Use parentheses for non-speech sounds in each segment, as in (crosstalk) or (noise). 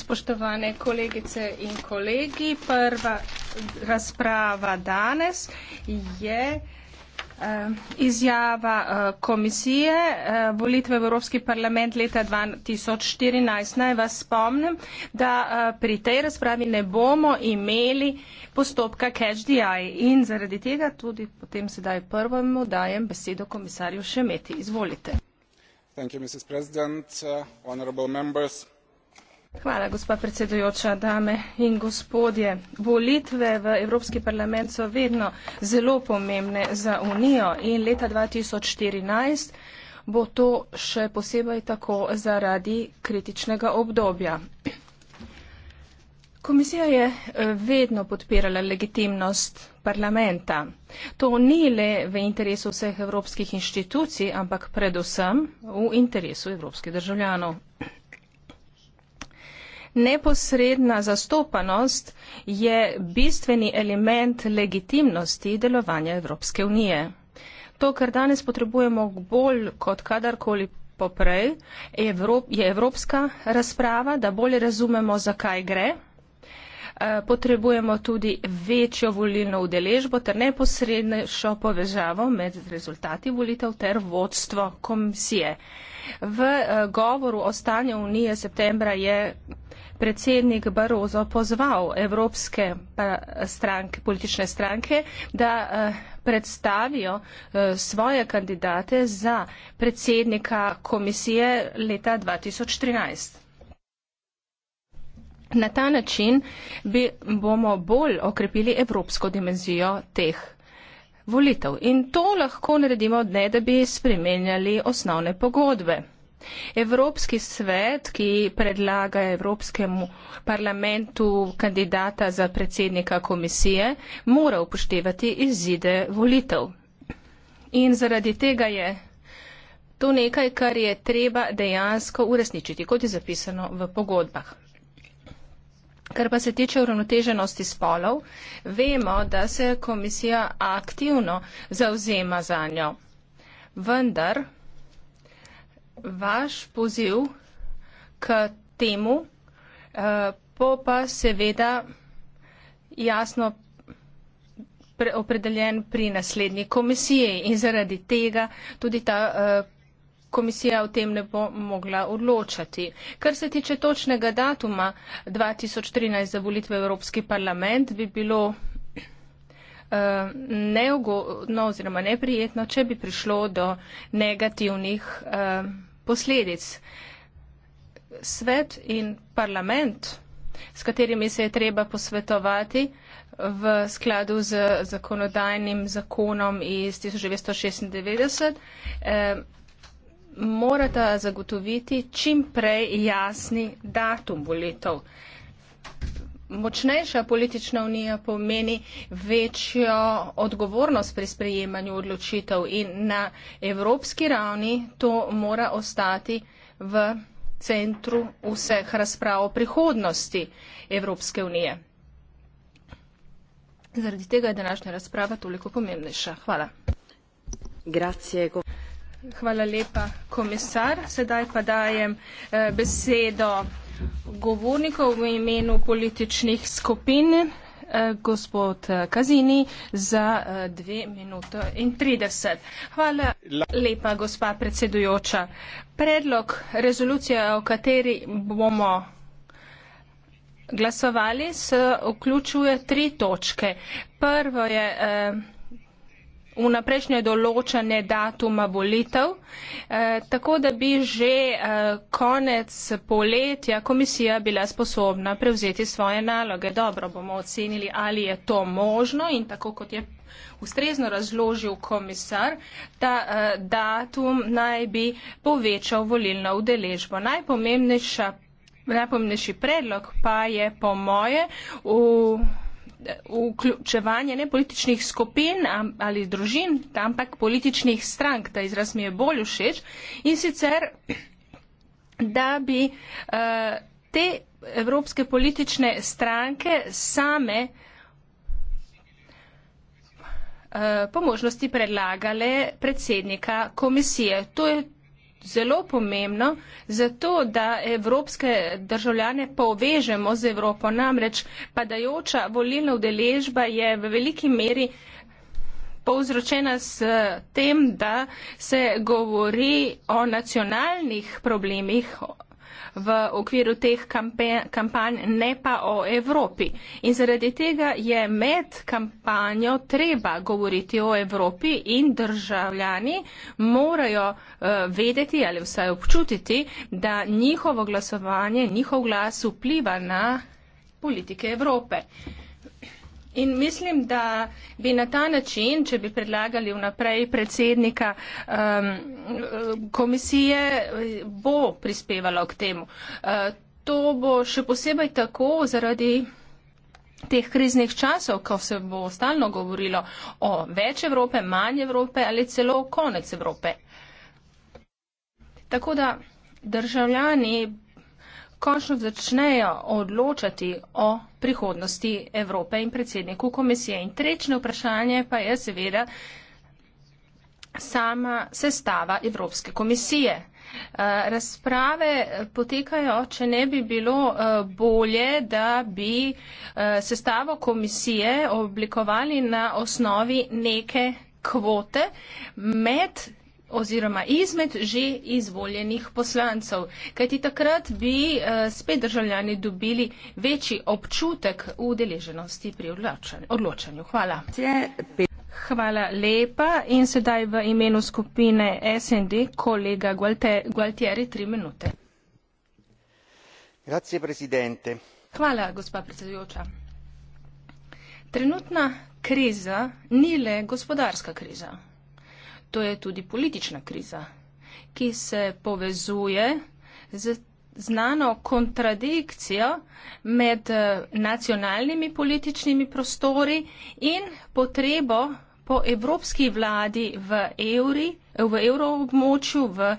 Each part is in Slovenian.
Spoštovane kolegice in kolegi, prva razprava danes je eh, izjava eh, komisije eh, volitve v Evropski parlament leta 2014. Naj vas spomnim, da pri tej razpravi ne bomo imeli postopka Catch the Eye in zaradi tega tudi potem sedaj prvemu dajem besedo komisarju Šemeti. Izvolite. Uh, Hvala, gospa predsedujoča, dame in gospodje. Volitve v Evropski parlament so vedno zelo pomembne za Unijo in leta 2014 bo to še posebej tako zaradi kritičnega obdobja. Komisija je eh, vedno podpirala legitimnost parlamenta to ni le v interesu vseh evropskih inštitucij, ampak predvsem v interesu evropskih državljanov. Neposredna zastopanost je bistveni element legitimnosti delovanja Evropske unije. To, kar danes potrebujemo bolj kot kadarkoli poprej, je evropska razprava, da bolje razumemo, zakaj gre. Eh, potrebujemo tudi večjo volilno udeležbo ter neposrednejšo povezavo med rezultati volitev ter vodstvo komisije. V eh, govoru o stanju Unije septembra je predsednik Barozo pozval evropske stranke, politične stranke, da eh, predstavijo svoje kandidate za predsednika komisije leta 2013. Na ta način bi, bomo bolj okrepili evropsko dimenzijo teh volitev. In to lahko naredimo, ne da bi spremenjali osnovne pogodbe. Evropski svet, ki predlaga Evropskemu parlamentu kandidata za predsednika komisije, mora upoštevati izide volitev. In zaradi tega je to nekaj, kar je treba dejansko uresničiti, kot je zapisano v pogodbah. Kar pa se tiče uravnoteženosti spolov, vemo, da se komisija aktivno zauzema za njo. Vendar vaš poziv k temu eh, bo eh, pa seveda jasno pre opredeljen pri naslednji komisiji in zaradi tega tudi ta eh, komisija o tem ne bo mogla odločati. Kar se tiče točnega datuma 2013 za volitve v Evropski parlament, bi bilo eh, neugodno oziroma neprijetno, če bi prišlo do negativnih eh, posledic. Svet in parlament, s katerimi se je treba posvetovati v skladu z zakonodajnim zakonom iz 1996, morata zagotoviti čim prej jasni datum volitev. Močnejša politična unija pomeni večjo odgovornost pri sprejemanju odločitev in na evropski ravni to mora ostati v centru vseh razprav o prihodnosti Evropske unije. Zaradi tega je današnja razprava toliko pomembnejša. Hvala. Grazie. Hvala lepa, komisar. Sedaj pa dajem eh, besedo govornikov v imenu političnih skupin, eh, gospod eh, Kazini, za 2 eh, minuto in 30. Hvala La lepa, gospa predsedujoča. Predlog rezolucije, o kateri bomo glasovali, se vključuje tri točke. Prvo je. Eh, vnaprejšnje določene datuma volitev, eh, tako da bi že eh, konec poletja komisija bila sposobna prevzeti svoje naloge. Dobro bomo ocenili, ali je to možno in tako kot je ustrezno razložil komisar, da eh, datum naj bi povečal volilno udeležbo. Najpomembnejši predlog pa je po moje v vključevanje ne političnih skupin ali družin, ampak političnih strank, ta izraz mi je bolj všeč, in sicer, da bi uh, te evropske politične stranke same eh, po možnosti predlagale predsednika komisije. To je zelo pomembno za to, da evropske državljane povežemo z Evropo. Namreč padajoča volilna udeležba je v veliki meri povzročena s tem, da se govori o nacionalnih problemih, v okviru teh kampanj, ne pa o Evropi. In zaradi tega je med kampanjo treba govoriti o Evropi in državljani morajo uh, vedeti ali vsaj občutiti, da njihovo glasovanje, njihov glas vpliva na politike Evrope. In mislim, da bi na ta način, če bi predlagali vnaprej predsednika um, komisije, bo prispevalo k temu. Uh, to bo še posebej tako zaradi teh kriznih časov, ko se bo stalno govorilo o več Evrope, manj Evrope ali celo konec Evrope. Tako da državljani končno začnejo odločati o prihodnosti Evrope in predsedniku komisije. In trečne vprašanje pa je seveda sama sestava Evropske komisije. Eh, razprave potekajo, če ne bi bilo eh, bolje, da bi eh, sestavo komisije oblikovali na osnovi neke kvote med oziroma izmed že izvoljenih poslancev. Kajti takrat bi eh, spet državljani dobili večji občutek udeleženosti pri odločanju. Hvala. Hvala lepa in sedaj v imenu skupine SND kolega Gualtieri, tri minute. Hvala, gospa predsedujoča. Trenutna kriza ni le gospodarska kriza. To je tudi politična kriza, ki se povezuje z znano kontradikcijo med eh, nacionalnimi političnimi prostori in potrebo po evropski vladi v evri, v evroobmočju, v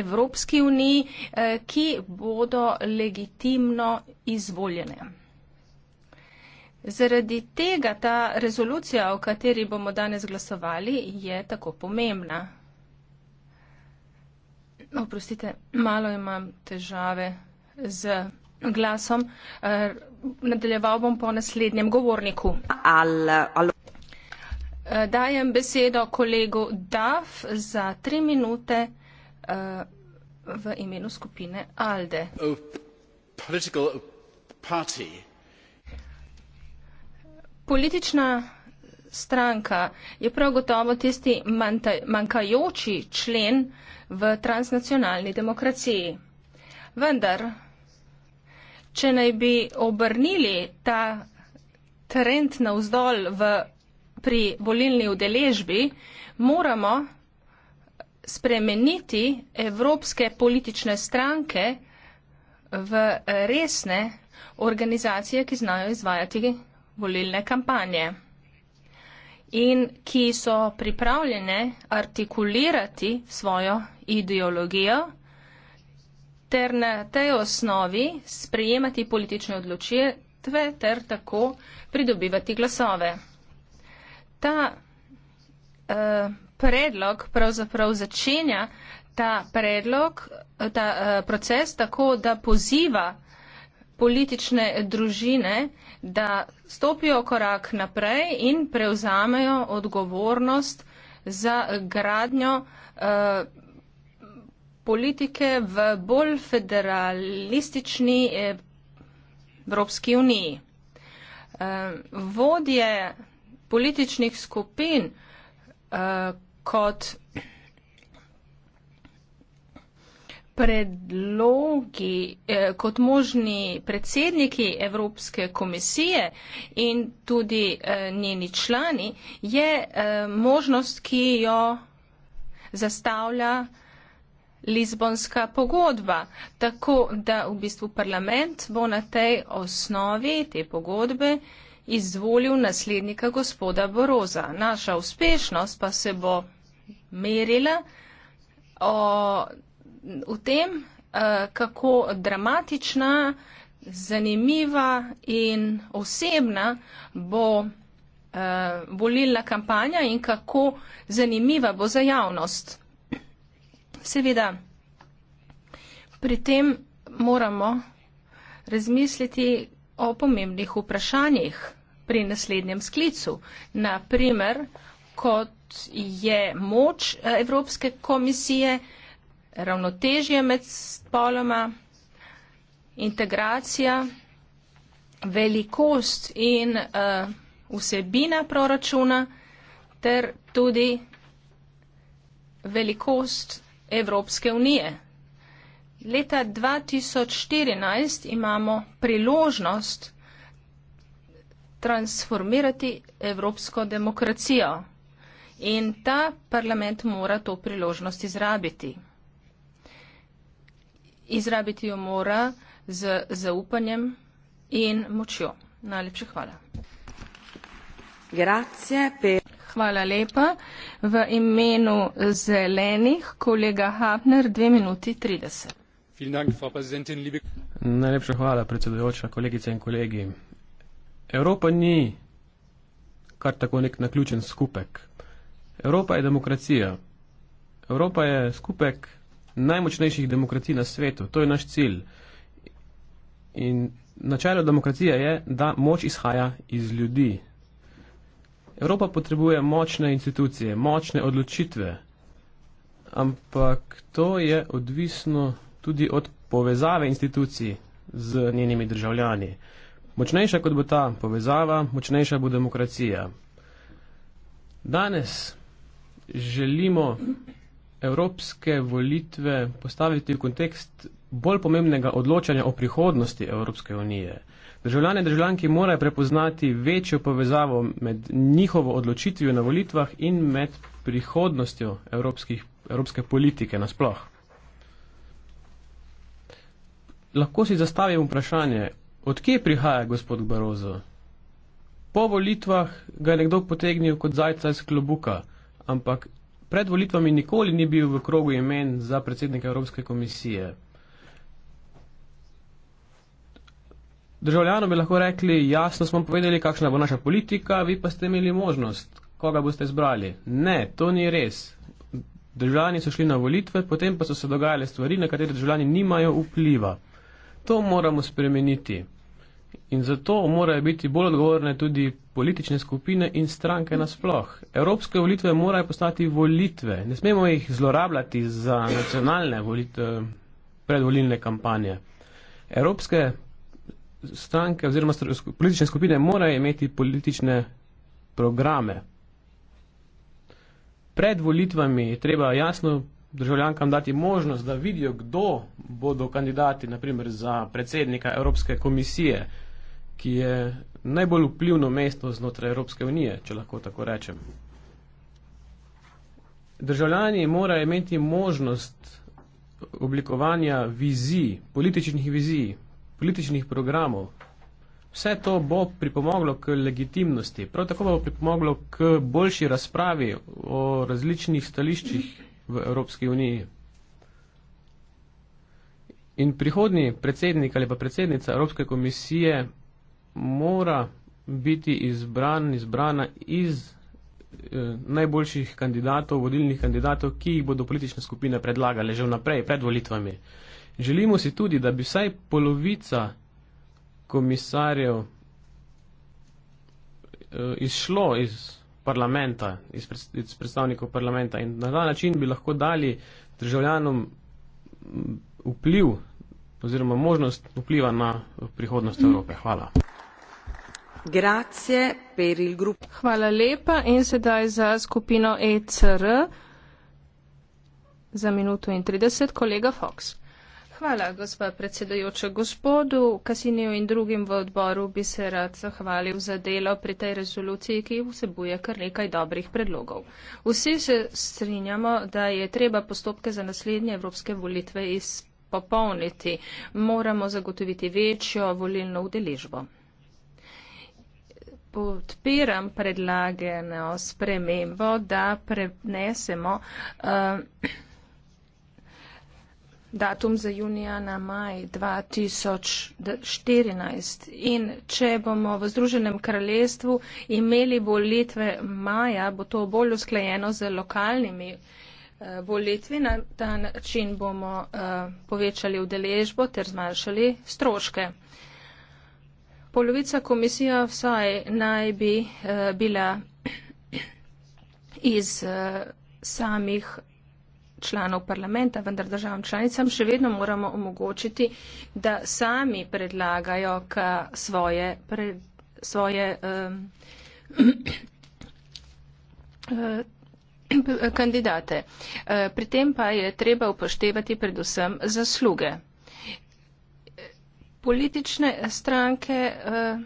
Evropski uniji, eh, ki bodo legitimno izvoljene. Zaradi tega ta rezolucija, o kateri bomo danes glasovali, je tako pomembna. No, oprostite, malo imam težave z glasom. Eh, nadaljeval bom po naslednjem govorniku. Al, al. Eh, dajem besedo kolegu Daf za tri minute eh, v imenu skupine Alde. Oh, political party. Politična stranka je prav gotovo tisti manjkajoči člen v transnacionalni demokraciji. Vendar, če naj bi obrnili ta trend navzdol v, pri volilni udeležbi, moramo spremeniti evropske politične stranke v resne organizacije, ki znajo izvajati volilne kampanje in ki so pripravljene artikulirati svojo ideologijo ter na tej osnovi sprejemati politične odločitve ter tako pridobivati glasove. Ta uh, predlog pravzaprav začenja ta, predlog, ta uh, proces tako, da poziva politične družine, da stopijo korak naprej in prevzamejo odgovornost za gradnjo eh, politike v bolj federalistični eh, Evropski uniji. Eh, vodje političnih skupin kot predlogi eh, kot možni predsedniki Evropske komisije in tudi eh, njeni člani, je eh, možnost, ki jo zastavlja Lizbonska pogodba. Tako da v bistvu parlament bo na tej osnovi te pogodbe izvolil naslednika gospoda Boroza. Naša uspešnost pa se bo merila o v tem, eh, kako dramatična, zanimiva in osebna bo eh, volilna kampanja in kako zanimiva bo za javnost. Seveda, pri tem moramo razmisliti o pomembnih vprašanjih pri naslednjem sklicu. Naprimer, kot je moč eh, Evropske komisije, ravnotežje med spoloma, integracija, velikost in uh, vsebina proračuna ter tudi velikost Evropske unije. Leta 2014 imamo priložnost transformirati evropsko demokracijo in ta parlament mora to priložnost izrabiti. Izrabiti jo mora z zaupanjem in močjo. Najlepša hvala. Hvala lepa. V imenu zelenih, kolega Hapner, dve minuti trideset. Najlepša hvala, predsedujoča, kolegice in kolegi. Evropa ni kar tako nek naključen skupek. Evropa je demokracija. Evropa je skupek najmočnejših demokracij na svetu. To je naš cilj. In načelo demokracije je, da moč izhaja iz ljudi. Evropa potrebuje močne institucije, močne odločitve, ampak to je odvisno tudi od povezave institucij z njenimi državljani. Močnejša kot bo ta povezava, močnejša bo demokracija. Danes želimo evropske volitve postaviti v kontekst bolj pomembnega odločanja o prihodnosti Evropske unije. Državljane in državljanki morajo prepoznati večjo povezavo med njihovo odločitvijo na volitvah in med prihodnostjo evropskih, evropske politike nasploh. Lahko si zastavim vprašanje, odkje prihaja gospod Barozo? Po volitvah ga je nekdo potegnil kot zajca iz klobuka, ampak pred volitvami nikoli ni bil v krogu imen za predsednika Evropske komisije. Državljano bi lahko rekli, jasno smo povedali, kakšna bo naša politika, vi pa ste imeli možnost, koga boste izbrali. Ne, to ni res. Državljani so šli na volitve, potem pa so se dogajale stvari, na katere državljani nimajo vpliva. To moramo spremeniti. In zato morajo biti bolj odgovorne tudi politične skupine in stranke nasploh. Evropske volitve morajo postati volitve. Ne smemo jih zlorabljati za nacionalne volitve, predvolilne kampanje. Evropske stranke oziroma politične skupine morajo imeti politične programe. Pred volitvami je treba jasno državljankam dati možnost, da vidijo, kdo bodo kandidati, naprimer za predsednika Evropske komisije, ki je najbolj vplivno mesto znotraj Evropske unije, če lahko tako rečem. Državljani morajo imeti možnost oblikovanja vizij, političnih vizij, političnih programov. Vse to bo pripomoglo k legitimnosti, prav tako bo pripomoglo k boljši razpravi o različnih stališčih v Evropski uniji. In prihodni predsednik ali pa predsednica Evropske komisije mora biti izbran, izbrana iz eh, najboljših kandidatov, vodilnih kandidatov, ki jih bodo politične skupine predlagale že vnaprej, pred volitvami. Želimo si tudi, da bi vsaj polovica komisarjev eh, izšlo iz parlamenta, iz, pred, iz predstavnikov parlamenta in na ta način bi lahko dali državljanom mm, vpliv oziroma možnost vpliva na prihodnost Evrope. Hvala. Grazie per il gruppo. Hvala lepa in sedaj za skupino ECR za minuto in 30, kolega Fox. Hvala, gospod predsedojoče. Gospodu Kasinju in drugim v odboru bi se rad zahvalil za delo pri tej rezoluciji, ki vsebuje kar nekaj dobrih predlogov. Vsi se strinjamo, da je treba postopke za naslednje evropske volitve izpopolniti. Moramo zagotoviti večjo volilno udeležbo podpiram predlageno spremembo, da prenesemo eh, datum za junija na maj 2014. In če bomo v Združenem kraljestvu imeli volitve maja, bo to bolj usklajeno z lokalnimi eh, volitvi. Na ta način bomo eh, povečali udeležbo ter zmanjšali stroške polovica komisija vsaj naj bi eh, bila iz eh, samih članov parlamenta, vendar državam članicam še vedno moramo omogočiti, da sami predlagajo ka svoje, pre, svoje um, (clears throat) kandidate. Pri tem pa je treba upoštevati predvsem zasluge politične stranke eh,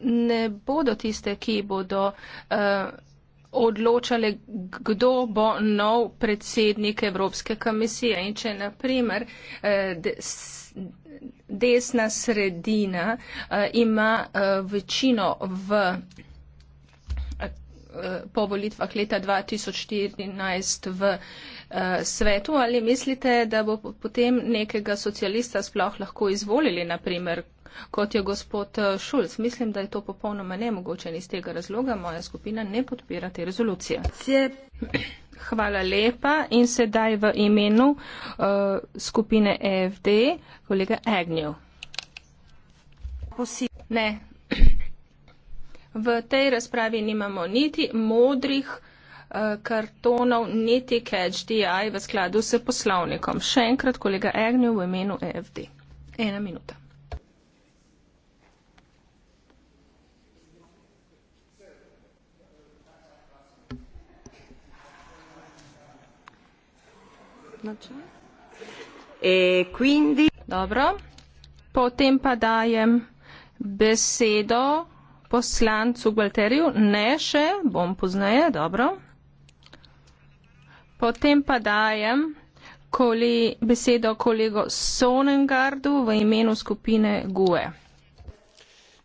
ne bodo tiste, ki bodo eh, odločale, kdo bo nov predsednik Evropske komisije. In če naprimer eh, desna sredina ima večino v po volitvah leta 2014 v Eh, svetu, ali mislite, da bo potem nekega socialista sploh lahko izvolili, naprimer, kot je gospod eh, Šulc. Mislim, da je to popolnoma nemogoče in iz tega razloga moja skupina ne podpira te rezolucije. (clears throat) Hvala lepa in sedaj v imenu uh, skupine e FD kolega Agnew. Ne. (clears throat) V tej razpravi nimamo niti modrih. Eh, kartonov netike HDI v skladu s poslovnikom. Še enkrat kolega Egnjo v imenu EFD. Ena minuta. E quindi... Dobro, potem pa dajem besedo poslancu Gualteriju, ne še, bom poznaje, dobro. Potem pa dajem koli besedo kolego Sonengardu v imenu skupine GUE.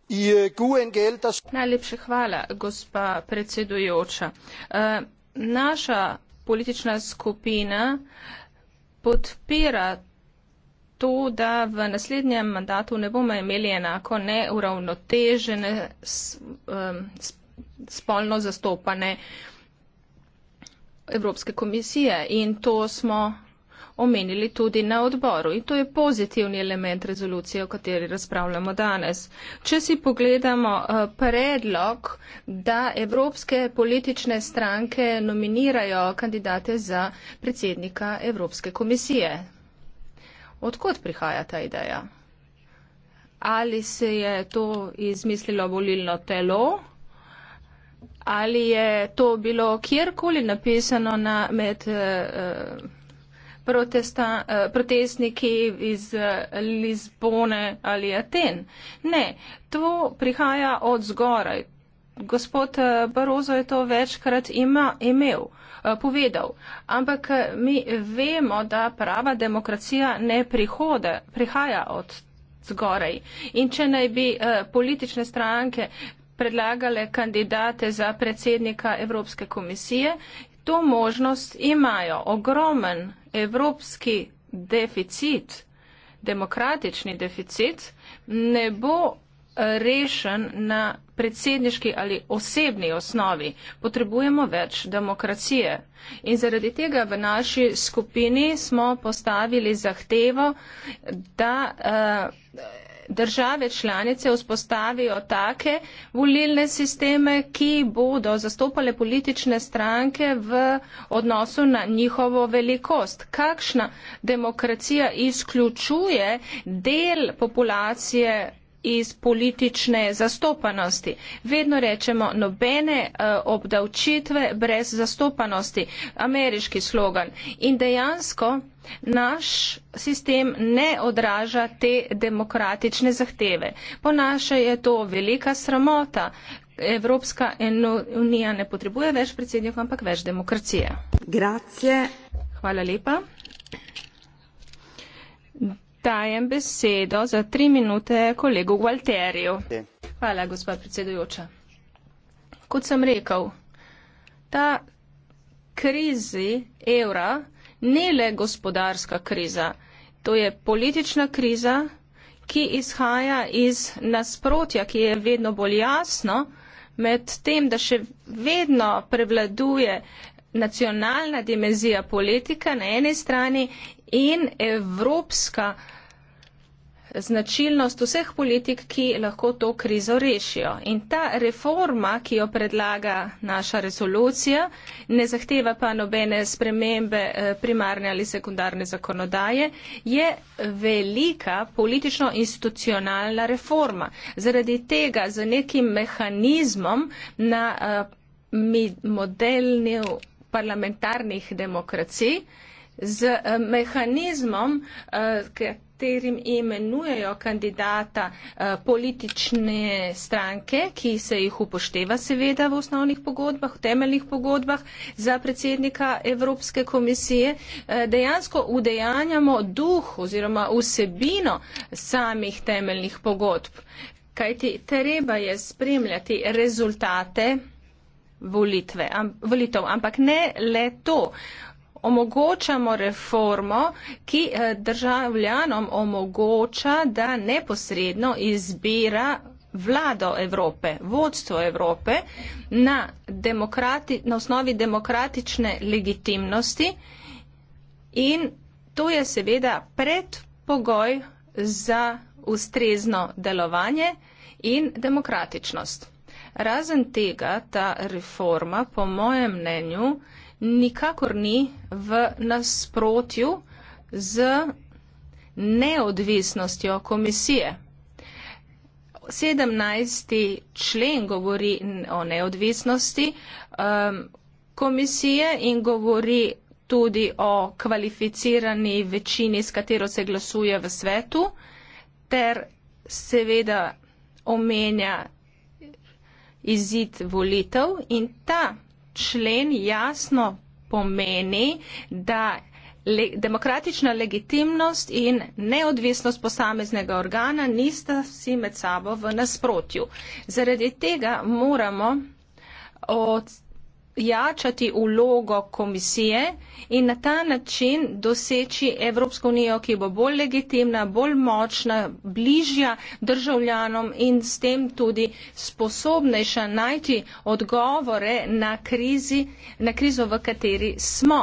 Eh, Najlepše hvala, gospa predsedujoča. Eh, naša politična skupina podpira to, da v naslednjem mandatu ne bomo imeli enako neuravnotežene eh, spolno zastopane Evropske komisije in to smo omenili tudi na odboru. In to je pozitivni element rezolucije, o kateri razpravljamo danes. Če si pogledamo eh, predlog, da evropske politične stranke nominirajo kandidate za predsednika Evropske komisije. Odkot prihaja ta ideja? Ali se je to izmislilo volilno telo? ali je to bilo kjerkoli napisano na, med uh, protesta, uh, protestniki iz uh, Lizbone ali Aten. Ne, to prihaja od zgoraj. Gospod Barozo je to večkrat ima, imel, povedal. Ampak mi vemo, da prava demokracija ne prihode, prihaja od zgoraj. In če naj bi politične stranke predlagale kandidate za predsednika Evropske komisije. To možnost imajo ogromen evropski deficit, demokratični deficit, ne bo rešen na predsedniški ali osebni osnovi. Potrebujemo več demokracije. In zaradi tega v naši skupini smo postavili zahtevo, da. Uh, države članice vzpostavijo take volilne sisteme, ki bodo zastopale politične stranke v odnosu na njihovo velikost. Kakšna demokracija izključuje del populacije iz politične zastopanosti. Vedno rečemo nobene eh, obdavčitve brez zastopanosti, ameriški slogan. In dejansko naš sistem ne odraža te demokratične zahteve. Po naše je to velika sramota. Evropska unija ne potrebuje več predsednikov, ampak več demokracije. Grazie. Hvala lepa dajem besedo za tri minute kolegu Gualterju. Hvala, gospod predsedujoča. Kot sem rekel, ta krizi evra ni le gospodarska kriza, to je politična kriza, ki izhaja iz nasprotja, ki je vedno bolj jasno med tem, da še vedno prevladuje nacionalna dimenzija politika na eni strani in evropska značilnost vseh politik, ki lahko to krizo rešijo. In ta reforma, ki jo predlaga naša resolucija, ne zahteva pa nobene spremembe eh, primarne ali sekundarne zakonodaje, je velika politično-institucionalna reforma. Zaradi tega z nekim mehanizmom na uh, eh, modelni parlamentarnih demokracij, uh, z eh, mehanizmom, eh, katerim imenujejo kandidata eh, politične stranke, ki se jih upošteva seveda v osnovnih pogodbah, v temeljnih pogodbah za predsednika Evropske komisije, dejansko udejanjamo duh oziroma vsebino samih temeljnih pogodb. Kajti treba je spremljati rezultate volitve, volitev, ampak ne le to omogočamo reformo, ki eh, državljanom omogoča, da neposredno izbira vlado Evrope, vodstvo Evrope na, demokrati, na osnovi demokratične legitimnosti in to je seveda predpogoj za ustrezno delovanje in demokratičnost. Razen tega ta reforma po mojem mnenju nikakor ni v nasprotju z neodvisnostjo komisije. 17. člen govori o neodvisnosti um, komisije in govori tudi o kvalificirani večini, s katero se glasuje v svetu, ter seveda omenja izid volitev in ta člen jasno pomeni, da le, demokratična legitimnost in neodvisnost posameznega organa nista vsi med sabo v nasprotju. Zaradi tega moramo od jačati ulogo komisije in na ta način doseči Evropsko unijo, ki bo bolj legitimna, bolj močna, bližja državljanom in s tem tudi sposobnejša najti odgovore na, krizi, na krizo, v kateri smo.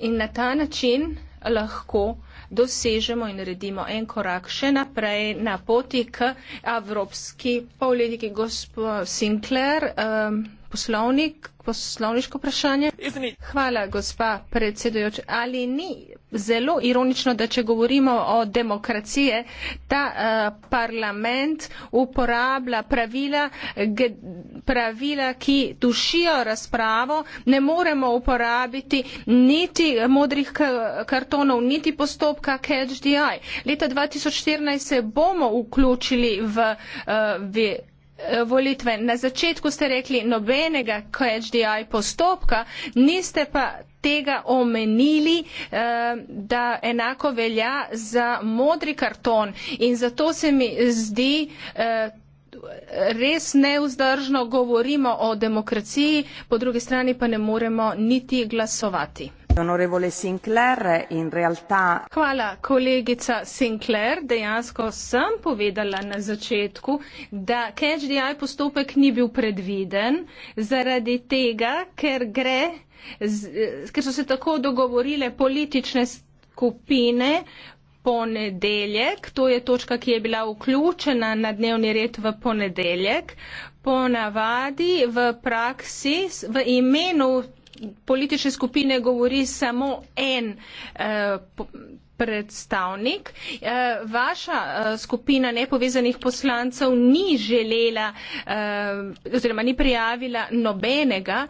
In na ta način lahko dosežemo in naredimo en korak še naprej na poti k evropski politiki. Gospod Sinclair, um, poslovnik, poslovniško vprašanje. Hvala, gospa predsedujoča. Ali ni zelo ironično, da če govorimo o demokraciji, ta eh, parlament uporablja pravila, ge, pravila, ki dušijo razpravo, ne moremo uporabiti niti modrih kartonov, niti postopka catch the eye. Leta 2014 se bomo vključili v, eh, v Eh, volitve. Na začetku ste rekli nobenega KHDI postopka, niste pa tega omenili, eh, da enako velja za modri karton in zato se mi zdi eh, res neuzdržno govorimo o demokraciji, po drugi strani pa ne moremo niti glasovati onorevole Sinclair, in realtà. Hvala, kolegica Sinclair. Dejansko sem povedala na začetku, da CHDI postopek ni bil predviden zaradi tega, ker, gre, z, eh, ker so se tako dogovorile politične skupine. Ponedeljek, to je točka, ki je bila vključena na dnevni red v ponedeljek. Ponavadi v praksi, v imenu politične skupine govori samo en eh, predstavnik. Eh, vaša eh, skupina nepovezanih poslancev ni želela oziroma ni prijavila nobenega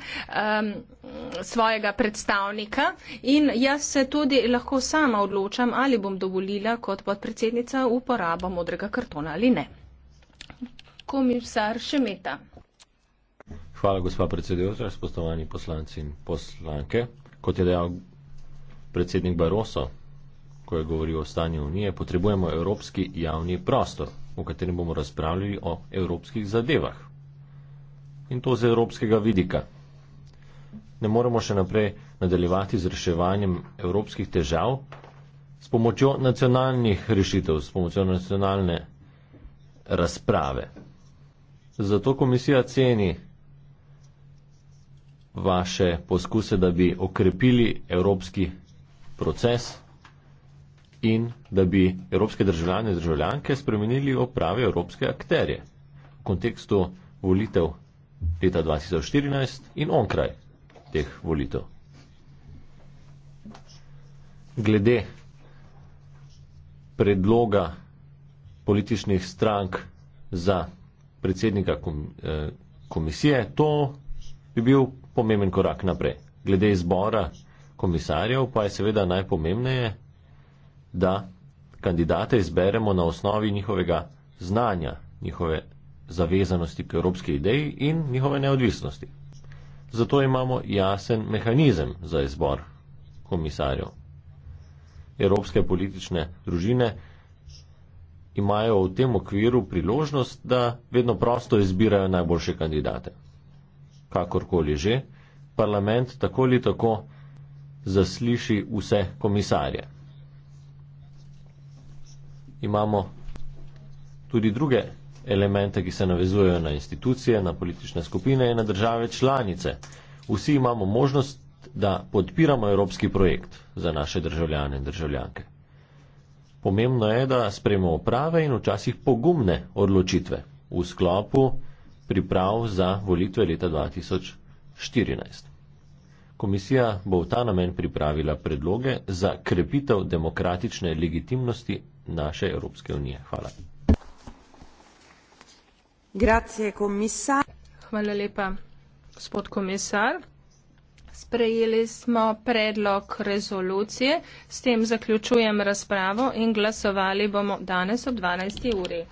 svojega predstavnika in jaz se tudi lahko sama odločam, ali bom dovolila kot podpredsednica uporabo modrega kartona ali ne. Komisar Šemeta. Hvala, gospa predsedujoča, spoštovani poslanci in poslanke. Kot je dejal predsednik Baroso, ko je govoril o stanju Unije, potrebujemo evropski javni prostor, v katerem bomo razpravljali o evropskih zadevah. In to z evropskega vidika. Ne moremo še naprej nadaljevati z reševanjem evropskih težav s pomočjo nacionalnih rešitev, s pomočjo nacionalne razprave. Zato komisija ceni, vaše poskuse, da bi okrepili evropski proces in da bi evropske državljane in državljanke spremenili v prave evropske akterje v kontekstu volitev leta 2014 in onkraj teh volitev. Glede predloga političnih strank za predsednika eh, komisije, to bi bil pomemben korak naprej. Glede izbora komisarjev pa je seveda najpomembnejše, da kandidate izberemo na osnovi njihovega znanja, njihove zavezanosti k evropski ideji in njihove neodvisnosti. Zato imamo jasen mehanizem za izbor komisarjev. Evropske politične družine imajo v tem okviru priložnost, da vedno prosto izbirajo najboljše kandidate kakorkoli že, parlament tako ali tako zasliši vse komisarje. Imamo tudi druge elemente, ki se navezujejo na institucije, na politične skupine in na države članice. Vsi imamo možnost, da podpiramo evropski projekt za naše državljane in državljanke. Pomembno je, da sprejmemo prave in včasih pogumne odločitve v sklopu priprav za volitve leta 2014. Komisija bo v ta namen pripravila predloge za krepitev demokratične legitimnosti naše Evropske unije. Hvala. Grazie, komisar. Hvala lepa, gospod komisar. Sprejeli smo predlog rezolucije, s tem zaključujem razpravo in glasovali bomo danes ob 12. uri.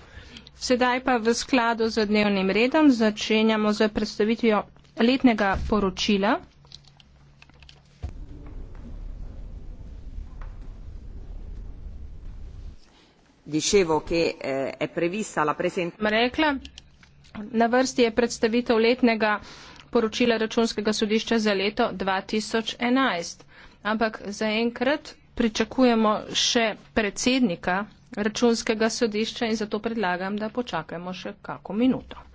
Sedaj pa v skladu z dnevnim redom začenjamo z predstavitvijo letnega poročila. Dicevo, che, eh, è prevista la present... Rekla, na vrsti je predstavitev letnega poročila računskega sodišča za leto 2011. Ampak zaenkrat pričakujemo še predsednika računskega sodišča in zato predlagam, da počakamo še kako minuto.